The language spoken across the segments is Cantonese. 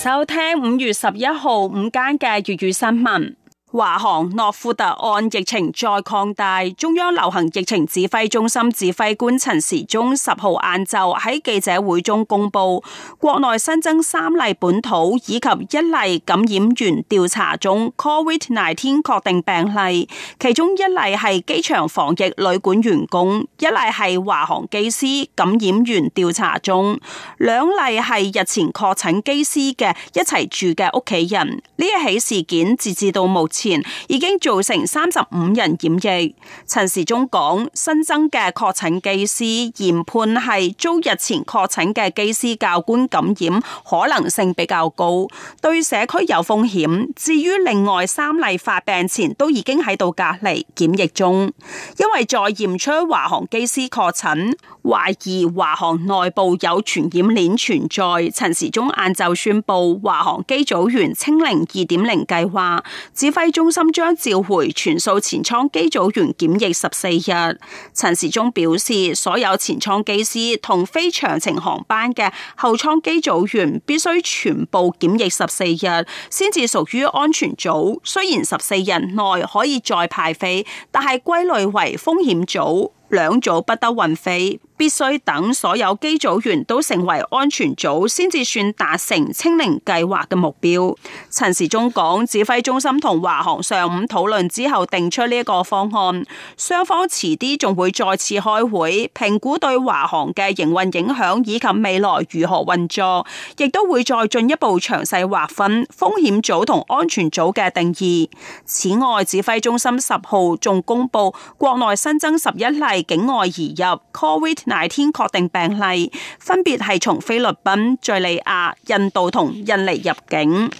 收聽五月十一號午間嘅粵語新聞。華航諾富特案疫情再擴大，中央流行疫情指揮中心指揮官陳時中十號晏晝喺記者會中公佈，國內新增三例本土以及一例感染源調查中，Covid 19確定病例，其中一例係機場防疫旅館員工，一例係華航機師感染源調查中，兩例係日前確診機師嘅一齊住嘅屋企人，呢一起事件截至到目前。前已經造成三十五人檢疫。陳時中講：新增嘅確診機師研判係遭日前確診嘅機師教官感染可能性比較高，對社區有風險。至於另外三例發病前都已經喺度隔離檢疫中，因為再驗出華航機師確診，懷疑華航內部有傳染鏈存在。陳時中晏晝宣佈華航機組員清零二點零計劃指揮中心將召回全數前艙機組員檢疫十四日。陳時中表示，所有前艙機師同非長程航班嘅後艙機組員必須全部檢疫十四日，先至屬於安全組。雖然十四日內可以再派飛，但係歸類為風險組，兩組不得運飛。必須等所有機組員都成為安全組，先至算達成清零計劃嘅目標。陳時中講，指揮中心同華航上午討論之後，定出呢一個方案。雙方遲啲仲會再次開會，評估對華航嘅營運影響以及未來如何運作，亦都會再進一步詳細劃分風險組同安全組嘅定義。此外，指揮中心十號仲公布國內新增十一例境外移入 COVID 那天確定病例分別係從菲律賓、敍利亞、印度同印尼入境。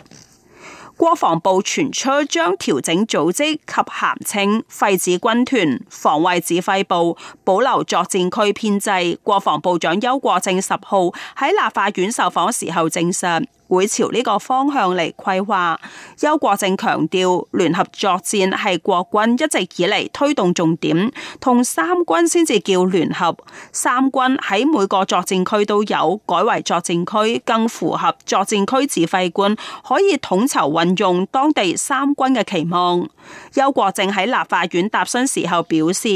國防部傳出將調整組織及銜稱，廢止軍團防衛指揮部，保留作戰區編制。國防部長邱國正十號喺立法院受訪時候證實。會朝呢個方向嚟規劃。邱國正強調，聯合作戰係國軍一直以嚟推動重點，同三軍先至叫聯合。三軍喺每個作戰區都有，改為作戰區，更符合作戰區指揮官可以統籌運用當地三軍嘅期望。邱國正喺立法院答詢時候表示，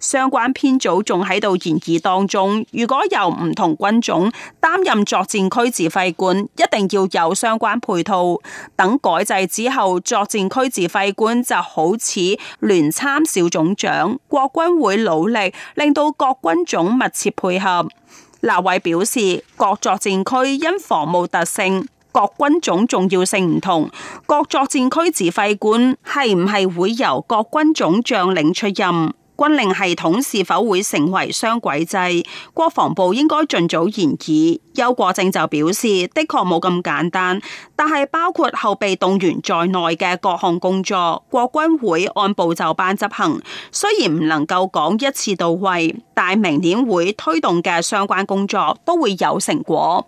相關編組仲喺度研議當中。如果由唔同軍種擔任作戰區指揮官，一定要有相關配套等，改制之後，作戰區指揮官就好似聯參小總長，國軍會努力令到各軍種密切配合。立委表示，各作戰區因防務特性，各軍種重要性唔同，各作戰區指揮官係唔係會由各軍種將領出任？軍令系統是否會成為雙軌制？國防部應該盡早研議。邱國正就表示，的確冇咁簡單，但係包括後備動員在內嘅各項工作，國軍會按部就班執行。雖然唔能夠講一次到位，但明年會推動嘅相關工作都會有成果。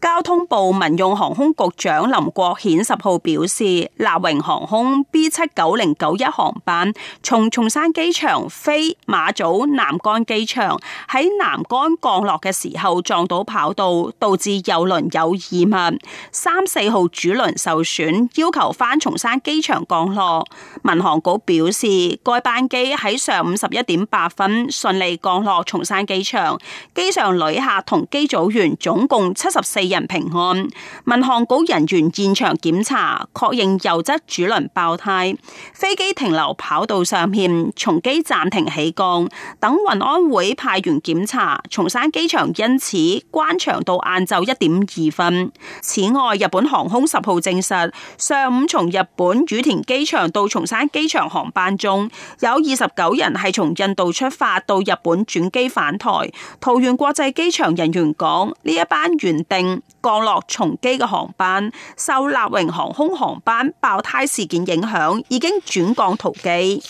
交通部民用航空局長林國顯十號表示，立榮航空 B 七九零九一航班從松山機場飛馬祖南竿機場，喺南竿降落嘅時候撞到跑道，導致右輪有異物，三四號主輪受損，要求返松山機場降落。民航局表示，該班機喺上午十一點八分順利降落松山機場，機上旅客同機組員總共七十四。人平安，民航局人員現場檢查，確認右側主輪爆胎，飛機停留跑道上面，從機暫停起降，等運安會派員檢查。松山機場因此關場到晏晝一點二分。此外，日本航空十號證實，上午從日本羽田機場到松山機場航班中有二十九人係從印度出發到日本轉機返台。桃園國際機場人員講，呢一班原定。降落松機嘅航班受立榮航空航班爆胎事件影響，已經轉降桃機。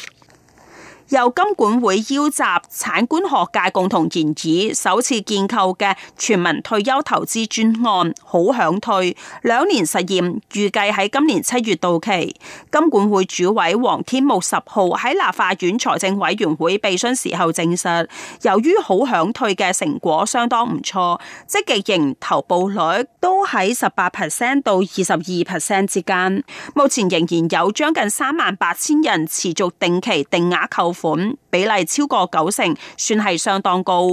由金管會邀集產官學界共同研議，首次建構嘅全民退休投資專案好享退，兩年實驗預計喺今年七月到期。金管會主委黃天木十號喺立法院財政委員會備詢時候證實，由於好享退嘅成果相當唔錯，積極型投報率都喺十八 percent 到二十二 percent 之間，目前仍然有將近三萬八千人持續定期定額購款比例超過九成，算係相當高。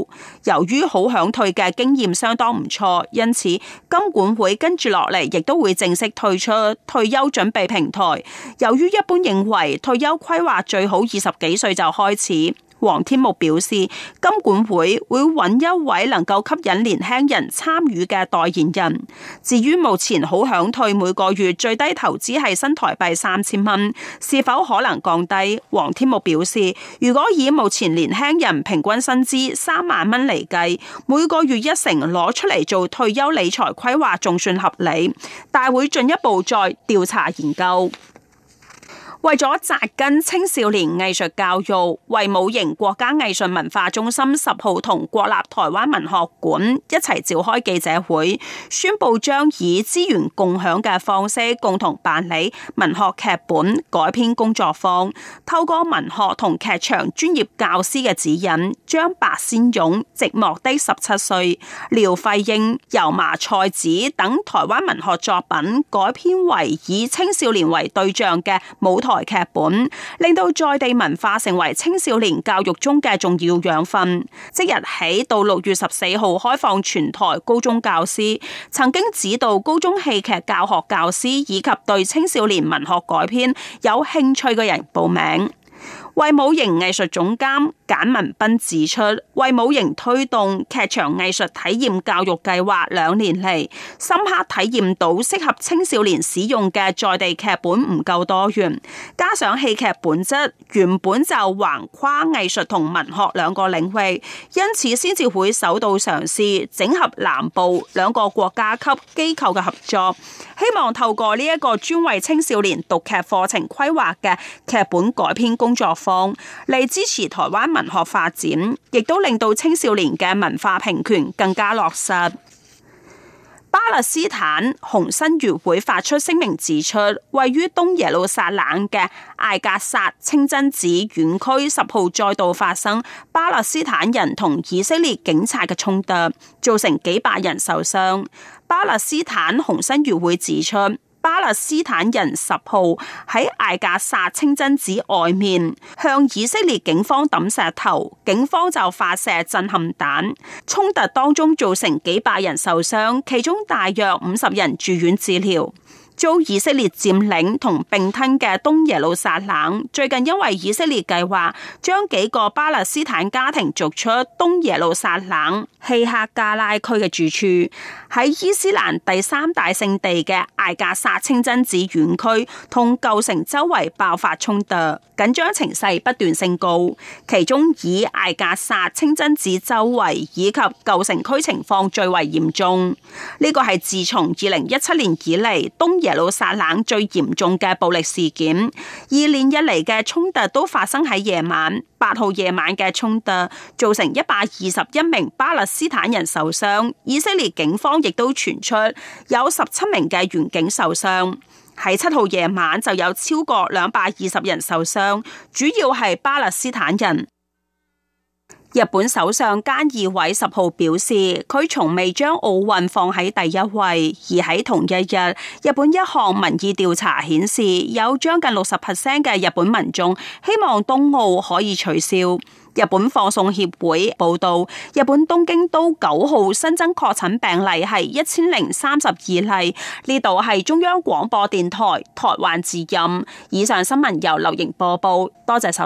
由於好享退嘅經驗相當唔錯，因此金管會跟住落嚟亦都會正式推出退休準備平台。由於一般認為退休規劃最好二十幾歲就開始。黃天木表示，金管會會揾一位能夠吸引年輕人參與嘅代言人。至於目前好享退每個月最低投資係新台幣三千蚊，是否可能降低？黃天木表示，如果以目前年輕人平均薪資三萬蚊嚟計，每個月一成攞出嚟做退休理財規劃仲算合理，但會進一步再調查研究。為咗扎根青少年藝術教育，衛武營國家藝術文化中心十號同國立台灣文學館一齊召開記者會，宣布將以資源共享嘅方式共同辦理文學劇本改編工作坊。透過文學同劇場專業教師嘅指引，將白先勇《寂寞的十七歲》、廖費英《油麻菜籽》等台灣文學作品改編為以青少年為對象嘅舞。台劇本令到在地文化成為青少年教育中嘅重要養分。即日起到六月十四號開放全台高中教師、曾經指導高中戲劇教學教師以及對青少年文學改編有興趣嘅人報名。衛武營藝術總監。簡文彬指出，衛武營推動劇場藝術體驗教育計劃兩年嚟，深刻體驗到適合青少年使用嘅在地劇本唔夠多元，加上戲劇本質原本就橫跨藝術同文學兩個領域，因此先至會首度嘗試整合南部兩個國家級機構嘅合作，希望透過呢一個專為青少年讀劇課程規劃嘅劇本改編工作坊，嚟支持台灣。文學發展亦都令到青少年嘅文化平權更加落實。巴勒斯坦紅新月會發出聲明指出，位於東耶路撒冷嘅艾格薩清真寺院區十號再度發生巴勒斯坦人同以色列警察嘅衝突，造成幾百人受傷。巴勒斯坦紅新月會指出。巴勒斯坦人十號喺艾格薩清真寺外面，向以色列警方抌石頭，警方就發射震撼彈，衝突當中造成幾百人受傷，其中大約五十人住院治療。遭以色列佔領同併吞嘅東耶路撒冷，最近因為以色列計劃將幾個巴勒斯坦家庭逐出東耶路撒冷希克加拉區嘅住處，喺伊斯蘭第三大聖地嘅艾格薩清真寺院區同舊城周圍爆發衝突，緊張情勢不斷升高。其中以艾格薩清真寺周圍以及舊城區情況最為嚴重。呢個係自從二零一七年以嚟東耶路撒冷最嚴重嘅暴力事件，而連日嚟嘅衝突都發生喺夜晚。八號夜晚嘅衝突造成一百二十一名巴勒斯坦人受傷，以色列警方亦都傳出有十七名嘅員警受傷。喺七號夜晚就有超過兩百二十人受傷，主要係巴勒斯坦人。日本首相菅義偉十號表示，佢從未將奧運放喺第一位。而喺同一日，日本一項民意調查顯示，有將近六十 percent 嘅日本民眾希望東奧可以取消。日本放送協會報道，日本東京都九號新增確診病例係一千零三十二例。呢度係中央廣播電台台灣之音。以上新聞由劉瑩播報。多謝收睇。